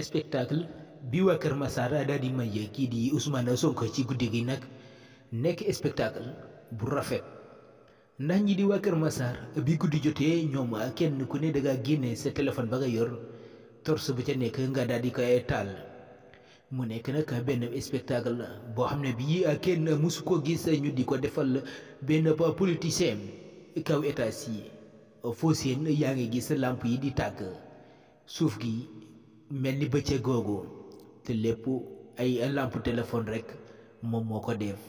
spectacle bi waa Kër Massar daal di maye kii di Ousmane Sonko ci guddi gi nag nekk spectacle bu rafet ndax ñi di waa Kër Massar bi guddi jotee ñoom kenn ku ne da ngaa génne sa téléphone ba nga yor tors bu ca nekk nga daal di koy taal mu nekk nag benn spectacle boo xam ne bii kenn mësu ko gis ñu di ko defal benn politicien kaw état yi foo seen yaa ngi gis làmp yi di tàkk suuf gi. mel ni bëccëg googu te lépp ay lampe téléphone rek moom moo ko def